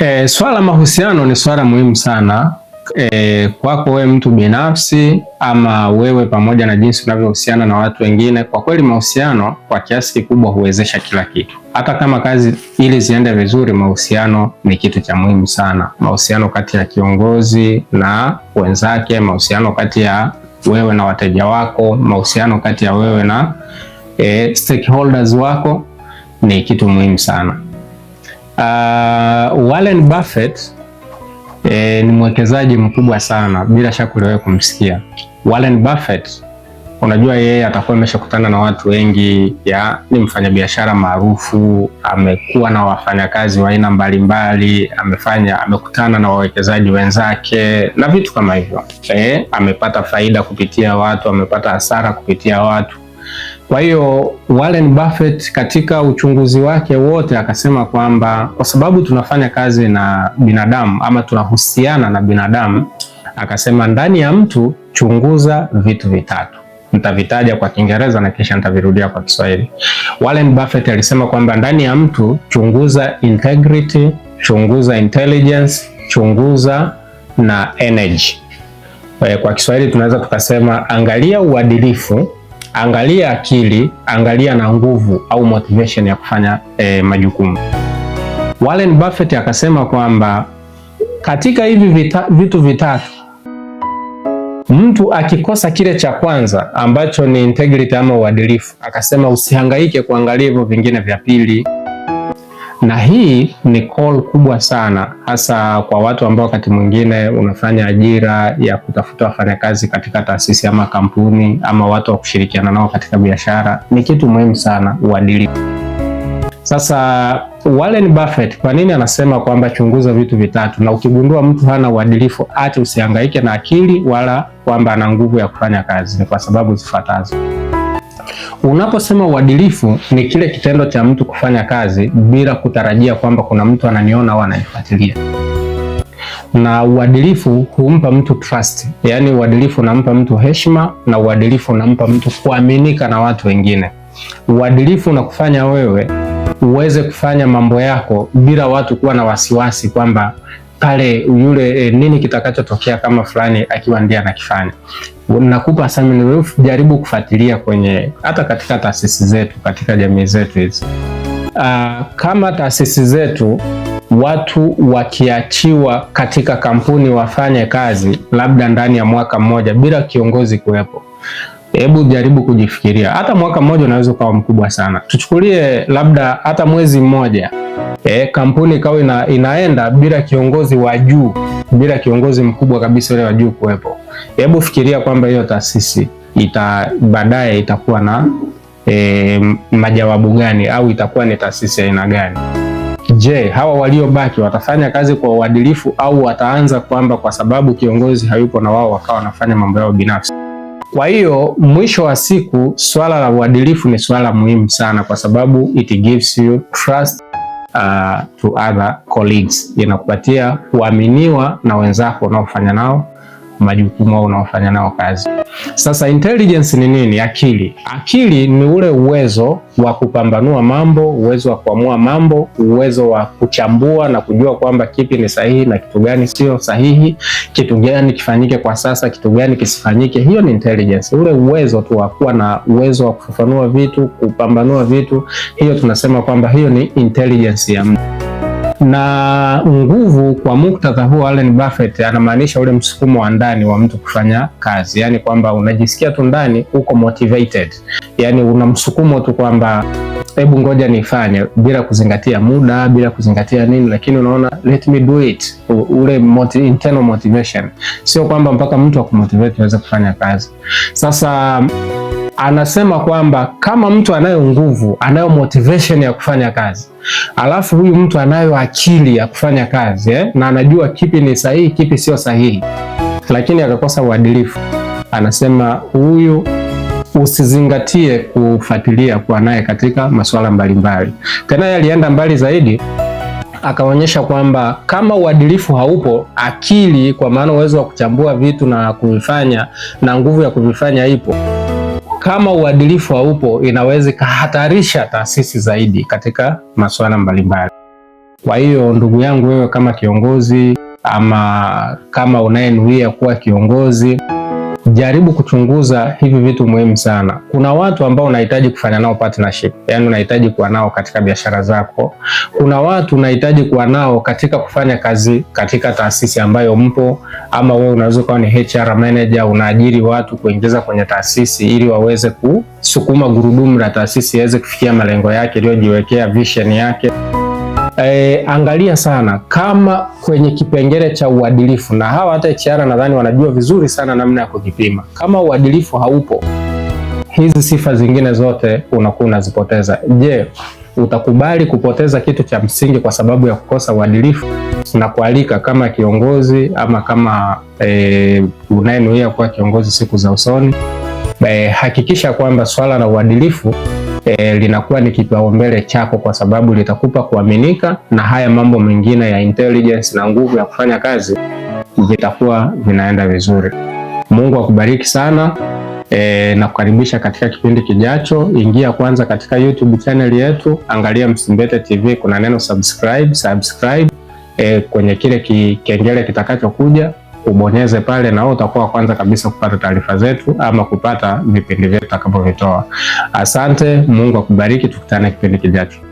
E, swala mahusiano ni swala muhimu sana e, kwako wewe mtu binafsi ama wewe pamoja na jinsi unavyohusiana na watu wengine. Kwa kweli mahusiano kwa kiasi kikubwa huwezesha kila kitu. Hata kama kazi ili ziende vizuri, mahusiano ni kitu cha muhimu sana. Mahusiano kati ya kiongozi na wenzake, mahusiano kati ya wewe na wateja wako, mahusiano kati ya wewe na e, stakeholders wako ni kitu muhimu sana. Uh, Warren Buffett eh, ni mwekezaji mkubwa sana, bila shaka uliwahi kumsikia Warren Buffett. Unajua yeye atakuwa ameshakutana na watu wengi ya, ni mfanyabiashara maarufu, amekuwa na wafanyakazi wa aina mbalimbali, amefanya amekutana na wawekezaji wenzake na vitu kama hivyo eh, amepata faida kupitia watu, amepata hasara kupitia watu kwa hiyo Warren Buffett katika uchunguzi wake wote akasema kwamba kwa sababu tunafanya kazi na binadamu ama tunahusiana na binadamu, akasema ndani ya mtu chunguza vitu vitatu. Nitavitaja kwa Kiingereza na kisha nitavirudia kwa Kiswahili. Warren Buffett alisema kwamba ndani ya mtu chunguza integrity, chunguza intelligence, chunguza na energy. Eh, kwa Kiswahili tunaweza tukasema angalia uadilifu angalia akili, angalia na nguvu au motivation ya kufanya eh, majukumu. Warren Buffett akasema kwamba katika hivi vita, vitu vitatu mtu akikosa kile cha kwanza ambacho ni integrity ama uadilifu, akasema usihangaike kuangalia hivyo vingine vya pili na hii ni call kubwa sana, hasa kwa watu ambao wakati mwingine unafanya ajira ya kutafuta wafanyakazi katika taasisi ama kampuni ama watu wa kushirikiana nao katika biashara. Ni kitu muhimu sana uadilifu. Sasa Warren Buffett kwa nini anasema kwamba chunguza vitu vitatu, na ukigundua mtu hana uadilifu ati usihangaike na akili wala kwamba ana nguvu ya kufanya kazi, ni kwa sababu zifuatazo. Unaposema uadilifu ni kile kitendo cha mtu kufanya kazi bila kutarajia kwamba kuna mtu ananiona au ananifuatilia, na uadilifu humpa mtu trust. Yaani uadilifu unampa mtu heshima, na uadilifu unampa mtu kuaminika na watu wengine. Uadilifu unakufanya wewe uweze kufanya mambo yako bila watu kuwa na wasiwasi kwamba pale yule e, nini kitakachotokea kama fulani akiwa ndiye anakifanya. Nakupa assignment wewe, jaribu kufuatilia kwenye hata katika taasisi zetu, katika jamii zetu hizi. Uh, kama taasisi zetu watu wakiachiwa katika kampuni wafanye kazi labda ndani ya mwaka mmoja bila kiongozi kuwepo Hebu jaribu kujifikiria, hata mwaka mmoja unaweza ukawa mkubwa sana. Tuchukulie labda hata mwezi mmoja e, kampuni ikawa ina, inaenda bila kiongozi wa juu, bila kiongozi mkubwa kabisa ule wa juu kuwepo. Hebu fikiria kwamba hiyo taasisi ita baadaye itakuwa na e, majawabu gani, au itakuwa ni taasisi aina gani? Je, hawa waliobaki watafanya kazi kwa uadilifu au wataanza kwamba kwa sababu kiongozi hayupo na wao wakawa wanafanya mambo yao binafsi? Kwa hiyo mwisho wa siku, swala la uadilifu ni swala muhimu sana, kwa sababu it gives you trust uh, to other colleagues, inakupatia kuaminiwa na wenzako unaofanya nao majukumu au unaofanya nao kazi. Sasa intelligence ni nini? Akili. Akili ni ule uwezo wa kupambanua mambo, uwezo wa kuamua mambo, uwezo wa kuchambua na kujua kwamba kipi ni sahihi na kitu gani sio sahihi, kitu gani kifanyike kwa sasa, kitu gani kisifanyike. Hiyo ni intelligence, ule uwezo tu wa kuwa na uwezo wa kufafanua vitu, kupambanua vitu. Hiyo tunasema kwamba hiyo ni intelligence ya mtu na nguvu kwa muktadha huu, Warren Buffett anamaanisha ule msukumo wa ndani wa mtu kufanya kazi, yaani kwamba unajisikia tu ndani uko motivated, yaani una msukumo tu kwamba hebu ngoja nifanye, bila kuzingatia muda, bila kuzingatia nini, lakini unaona let me do it, ule moti, internal motivation. Sio kwamba mpaka mtu akumotivate aweze kufanya kazi. Sasa anasema kwamba kama mtu anayo nguvu, anayo motivation ya kufanya kazi, alafu huyu mtu anayo akili ya kufanya kazi eh, na anajua kipi ni sahihi, kipi sio sahihi, lakini akakosa uadilifu, anasema huyu usizingatie kufuatilia kuwa naye katika masuala mbalimbali. Tena yeye alienda mbali zaidi akaonyesha kwamba kama uadilifu haupo, akili kwa maana uwezo wa kuchambua vitu na kuvifanya na nguvu ya kuvifanya ipo kama uadilifu haupo, inaweza ikahatarisha taasisi zaidi katika masuala mbalimbali. Kwa hiyo ndugu yangu, wewe kama kiongozi ama kama unayenuia kuwa kiongozi jaribu kuchunguza hivi vitu muhimu sana. Kuna watu ambao unahitaji kufanya nao partnership, yani unahitaji kuwa nao katika biashara zako. Kuna watu unahitaji kuwa nao katika kufanya kazi katika taasisi ambayo mpo, ama wewe unaweza kuwa ni HR manager, unaajiri watu kuingiza kwenye taasisi ili waweze kusukuma gurudumu la taasisi iweze kufikia malengo yake iliyojiwekea vision yake e, angalia sana kama kwenye kipengele cha uadilifu, na hawa hata HR nadhani wanajua vizuri sana namna ya kujipima. Kama uadilifu haupo, hizi sifa zingine zote unakuwa unazipoteza. Je, utakubali kupoteza kitu cha msingi kwa sababu ya kukosa uadilifu? Na kualika kama kiongozi ama kama e, unayenuia kuwa kiongozi siku za usoni e, hakikisha kwamba swala la uadilifu e, linakuwa ni kipaumbele chako, kwa sababu litakupa kuaminika na haya mambo mengine ya intelligence na nguvu ya kufanya kazi vitakuwa vinaenda vizuri. Mungu akubariki sana. E, na kukaribisha katika kipindi kijacho. Ingia kwanza katika YouTube channel yetu, angalia Msimbete TV, kuna neno subscribe, subscribe e, kwenye kile kikengele kitakachokuja ubonyeze pale, na wewe utakuwa kwanza kabisa kupata taarifa zetu ama kupata vipindi vyetu tutakapovitoa. Asante, Mungu akubariki, tukutane kipindi kijacho.